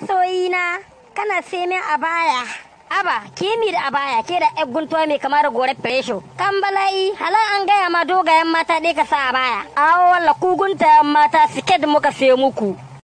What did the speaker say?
masoyina kana sai min a baya aba kimi da abaya ke da yan guntuwa mai kamar gore fresho kan bala'i hala an gaya ma dogayen mata ɗaya ka sa a baya awo walla kugunta mata siket muka sai muku